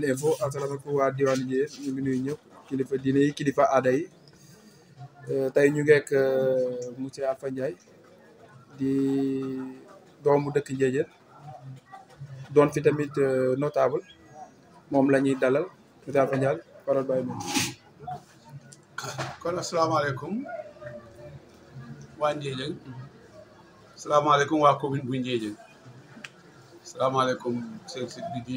Guel Info asalaamaaleykum waa diwaanu Thiès ñu ngi nuyu ñëpp kilifa diine yi kilifa aada yi euh, tey ñu ngeek euh, monsieur Alpha Ndiaye di doomu dëkk Ndiédiène doon fi tamit euh, notable mom la dalal monsieur Alpha Ndiaye parole bàyyi moom kon asalaamaaleykum waa Ndiédiène asalaamaaleykum waa commune bu Ndiédiène asalaamaaleykum seen site bi di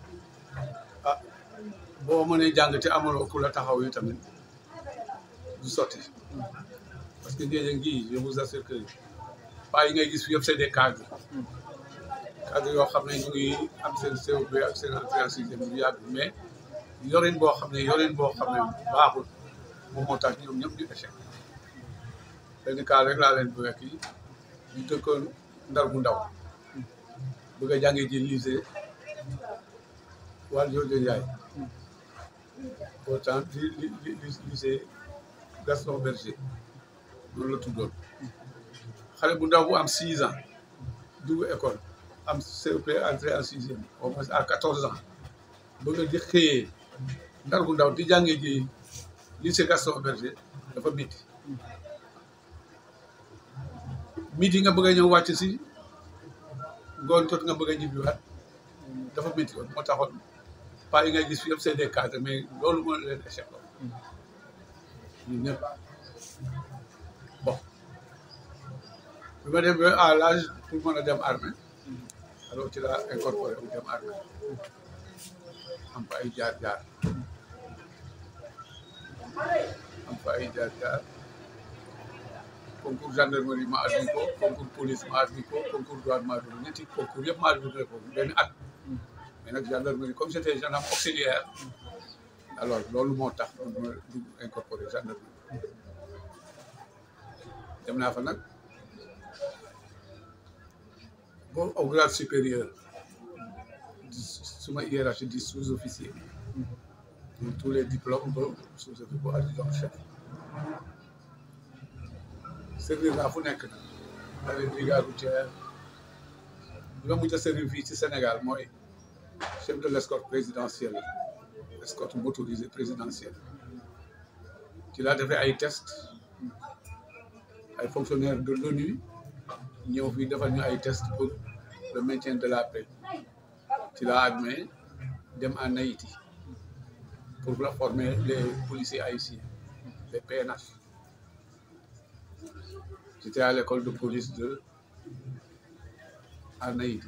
ah boo mënee jàng te amuloo ku la taxaw yi tamit du sotti parce que njëriñ gii je vous assure que paa yi ngay gis fi yëpp c'est des cadres cadres yoo xam ne ñu ngi am seen COP ak seen entrée en mais yorin boo xam ne yorin boo xam ne baaxul moom moo tax ñoom ñëpp di échec rek laa leen bu wekk yi ñu dëkkoon ndar bu ndaw bëgg a jàngee ji lycée Wally Jojo Ndiaye pourtant li li lycée Gaston Berger loolu la tuddoon xale bu ndaw bu am six ans dugg école am CEP entré en sixième au moins à quatorze ans bëgg a di xëyee ndar bu ndaw di jàngee ji lycée Gaston Berger dafa métti midi nga bëgg a ñëw wàcc si ngoon jot nga bëgg a ñibbiwaat dafa métti woon moo taxoon pas yi ngay gis fi yëpp c'est des cadres leen échec ñu ñëpp bon bi ma dem à l'âge pour mën a dem armée alors ci laa incorporé wu dem am fa ay jaar-jaar am fa ay jaar-jaar concours gendarmerie ma admis ko concours police ma admis ko concours douane yëpp ma mais nag gendarmerie comme j'étais gendarme auxiliaire alors loolu moo tax ma dugg incorporé gendarmerie dem naa fa nag ba au grade supérieur suma hiérarchie di sous-officier tous les diplômes ba sous-officier ba adjudant servir naa fu nekk nag dans les brigades routières servir fii ci Sénégal mooy de l'escorte présidentielle escorte motorisée présidentielle Tu l'as devenu à test un fonctionnaire de l'ONU ñëw test pour le maintien de la paix Tu l'as admis à Naïti Haïti pour former les policiers haïtiens les PNH j'étais à l'école de police de en Haïti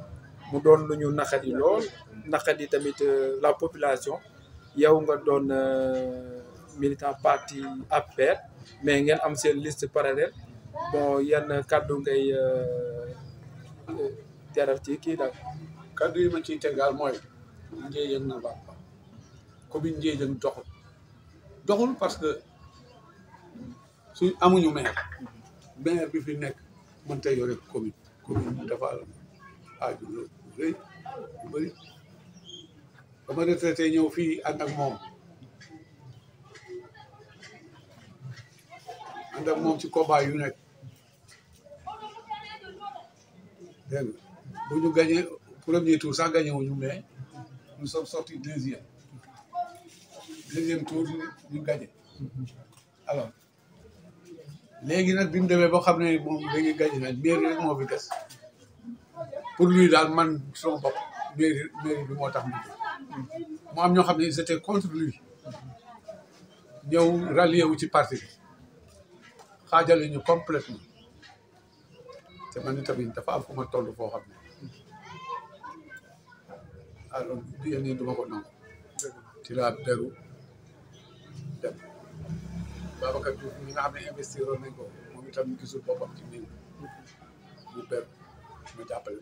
mu doon lu ñu naqadi lool naqadi tamit euh, la population yow nga doon euh, militant parti APR mais ngeen am seen liste parallèle bon yenn kàddu ngay euh, teral ci kii daal. kàddu yi ma ciy tegaal mooy Ndiédiène na baax commune Ndiédiène doxul doxul parce que suñ amuñu maire maire bi fi nekk mën mënta yore commune commune dafa aaju loolu rëy bu bëri ba ma ñëw fii ànd ak moom ànd ak moom ci combat yu nekk dégg bu ñu gagné premier tour sax gagné wuñu mais nous sommes sortis deuxième deuxième tour ñu gagné alors léegi nag bi mu demee boo xam ne moom léegi gagné nañ biir rek moo fi pour lui daal man sama bopp mairie bi moo tax mu mu am ñoo xam ne ils étaient contre lui ñëw rallié wu ci parti bi xaajale ñu complètement te man itamit dafa am ma toll foo xam ne alors yéen ñi du ma ko nangu ci laa beru dem Babacar Diouf ñi xam ne investiroon nañ ko moom itam gisul boppam ci nii mu beru ma jàppale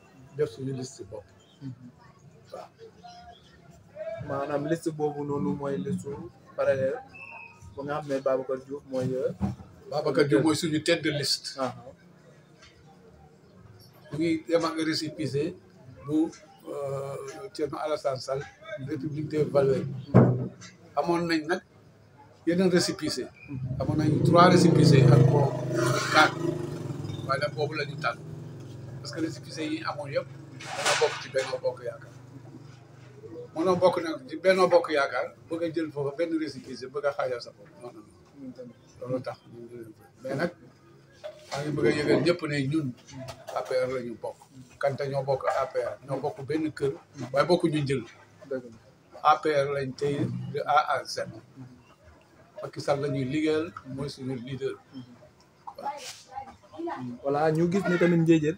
def suñu liste bopp maanaam liste boobu noonu mooy liste parallèle bu nga xam ne Babacar Diouf mooy euh, Babacar Diouf mooy suñu tête de liste ah. mu ngi dem ak récépissé bu euh, Thierno Alassane Sall république des valeurs amoon nañ nag yeneen récépissé mm-hmm. amoon nañ trois récépissé ak bon quatre waaye boobu la ñu tànn parce que récépissé yi amoon yëpp dañoo bokk ci Benno Bokk Yaakaar mënoo bokk nag ci Benno Bokk Yaakaar bëgg a jël foofa benn récépissé bëgg a xaajal sa bopp non tax mais nag maa ngi bëgg a yëgal ñëpp ne ñun APR la ñu bokk kanta ñoo bokk APR ñoo bokk ben kër waaye bokk ñu jël APR lañ tey de A à Z la ñuy liggéeyal mooy suñu ñu gis ne tamit njéejéen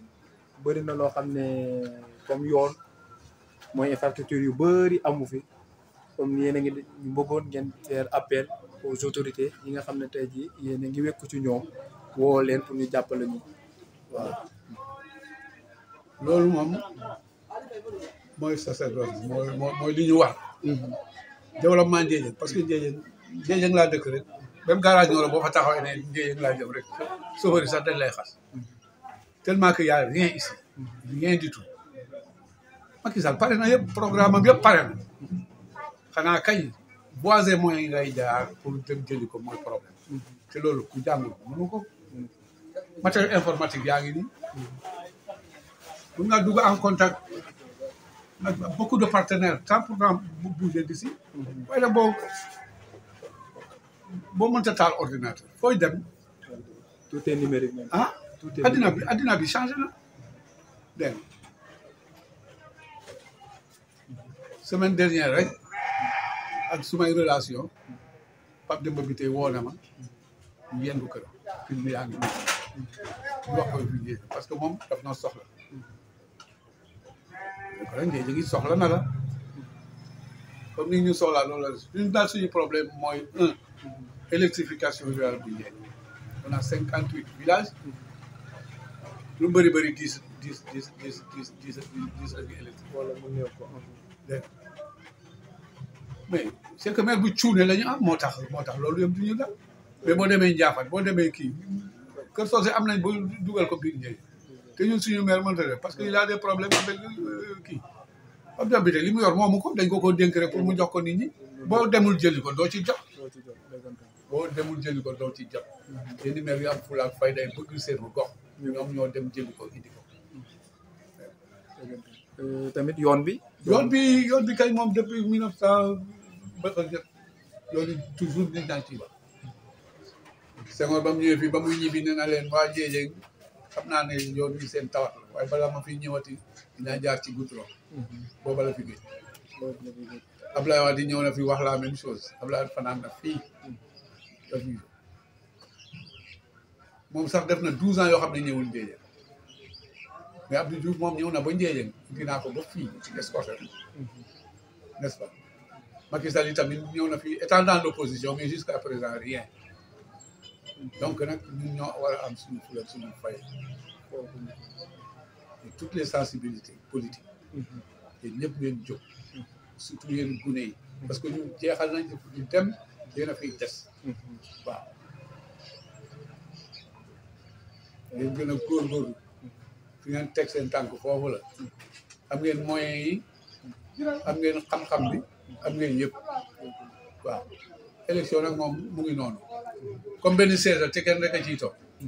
bari na loo xam ne comme yoon mooy infrastructure yu bari amu fi comme yéen a ngi ñu bëggoon ngeen teer appel aux autorités yi nga xam ne tey jii yéen a ngi wekku ci ñoom woo leen pour ñu jàppale ñu loolu moom mooy sa sacerdoce mooy mooy li ñu war mhm. développement Ndiédiène parce que Ndiédiène Ndiédiène laa dëkk rek même garage ñoo boo fa taxawee ne Ndiédiène laa jëm rek chauffeur yi sax dañ lay xas tellement que y' a rien ici rien du tout Macky Sall pare na yëpp programme am yëpp pare na xanaa kañ voies et moyens yi ngay jaar pour jëli ko mooy problème te loolu ku jàngul mënu ko matériel informatique yaa ngi nii mun nga dugg en contact ak beaucoup de partenaires tant pour tant bouger d'ici waaye nag boo boo mënta taal ordinateur fooy dem tout est numérique ah addina bi addina bi changé na dégg semaine dernière rek ak sumay relation Pape Demba bi tey woo na ma yendu kër film parce que moom daf na soxla ko rek ndee ngi soxla na la comme ni ñu soxlaa loolu la ñu suñu problème mooy un électrification rurale bu Ndiédi on a cinquante huit villages lu bëri bëri dix dix dix dix dix dix dix ak électrique wala mu néew ko dégg mais c' bu cuune la ñu am moo tax moo tax loolu yëpp du ñu dal mais boo demee Ndiaffate boo demee kii Kër Socé am nañ ba dugal ko biir Ndiaye te ñun suñu maire mënta def parce que il a des problèmes avec euh, kii ab bi de li mu yor moomu ko dañ ko ko dénk rek mu jox ko nit ñi boo demul jëli ko doo ci jot boo demul jëli ko doo ci jot yéen maire yi am fulaak fayda bëgg seen gox ñu ñoo dem jëli euh, yoon bi yoon bi yoon bi kay moom depuis mille neuf cent yoonu toujours ba Senghor ba bi ñëwee fii ba muy ñibbi nee na leen waa jéejéeg xam naa ne yoon bi seen tawat la waaye balaa ma fi ñëwati dinaa jaar ci goudron booba la fi géej Ablaye Wade ñëw na fi wax laa même chose Ablaye Wade fanaan na fii mom sax def na 12 ans yo xam ñewul ñëwul mais Abdou Diouf mom ñëw na ba Ndiédiène indi ko ba fi ci Escoffier n'est-ce pas Macky Sall yi tamit na fi étant dans l'opposition mais jusqu'à présent rien donc nak ñu ñoo war am suñu fula ak suñu fay et toutes les sensibilités politiques te ñëpp ngeen jóg surtout yéen gune parce que ñu jeexal nañ dem yéen a dess des waaw ngeen gën a góor fi ngeen teg seen tànk foofu la am ngeen moyens am ngeen xam-xam bi am ngeen yëpp waaw élection nag moom mu ngi noonu comme benn saison te kenn rek a ciy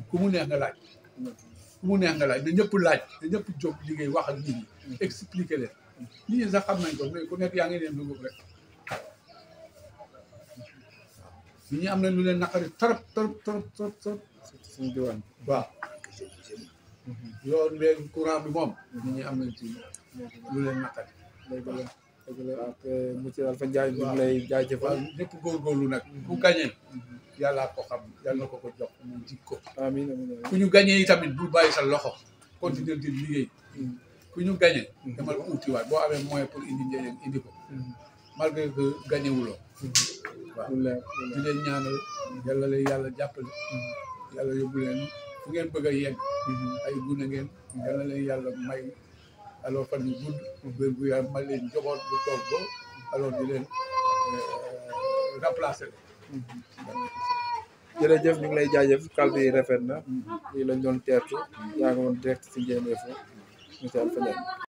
ku mu neex na laaj ku mu neex nga laaj na ñëpp laaj na ñëpp jóg liggéey wax a nit ñi expliquer leen nit ñi sax xam nañ ko ku nekk yaa ngi leen dugub rek nit ñi am na lu leen naqari trop trop trop trop trop suñu diwaan waaw Mm-hmm. yoon beeg courant bi moom. Mm-hmm. nit ñu am nañ ci lu leen naqari. dëgg la dëgg la ak euh, monsieur Alpha Ndiaye ñu ngi lay jaajëfal. ñëpp nag. ku gañee mm-hmm. yàllaa ko xam yàlla na ko ko jox mu jig ko. ku ñu gañee yi tamit bu bàyyi sa loxo. continuer di liggéey. ku ñu gañee. demal uutiwaat boo amee moyen pour indi njëriñ indi ko. malgré que gañe wuloo waaw di leen yàlla lay yàlla jàppale. yàlla yóbbu fu ngeen bëgg a yegg mhm. ay gune ngeen yal na leen yàlla may alors fan yu gudd wér gu yaram may leen njaboot bu toog ba alors di leen euh, remplacer mhm. jërëjëf ñu ngi lay jaajëf kàddu yi rafet na lañ doon teertu yaa ngi woon direct si Ndiéme Infos monsieur Alpha Ndiaye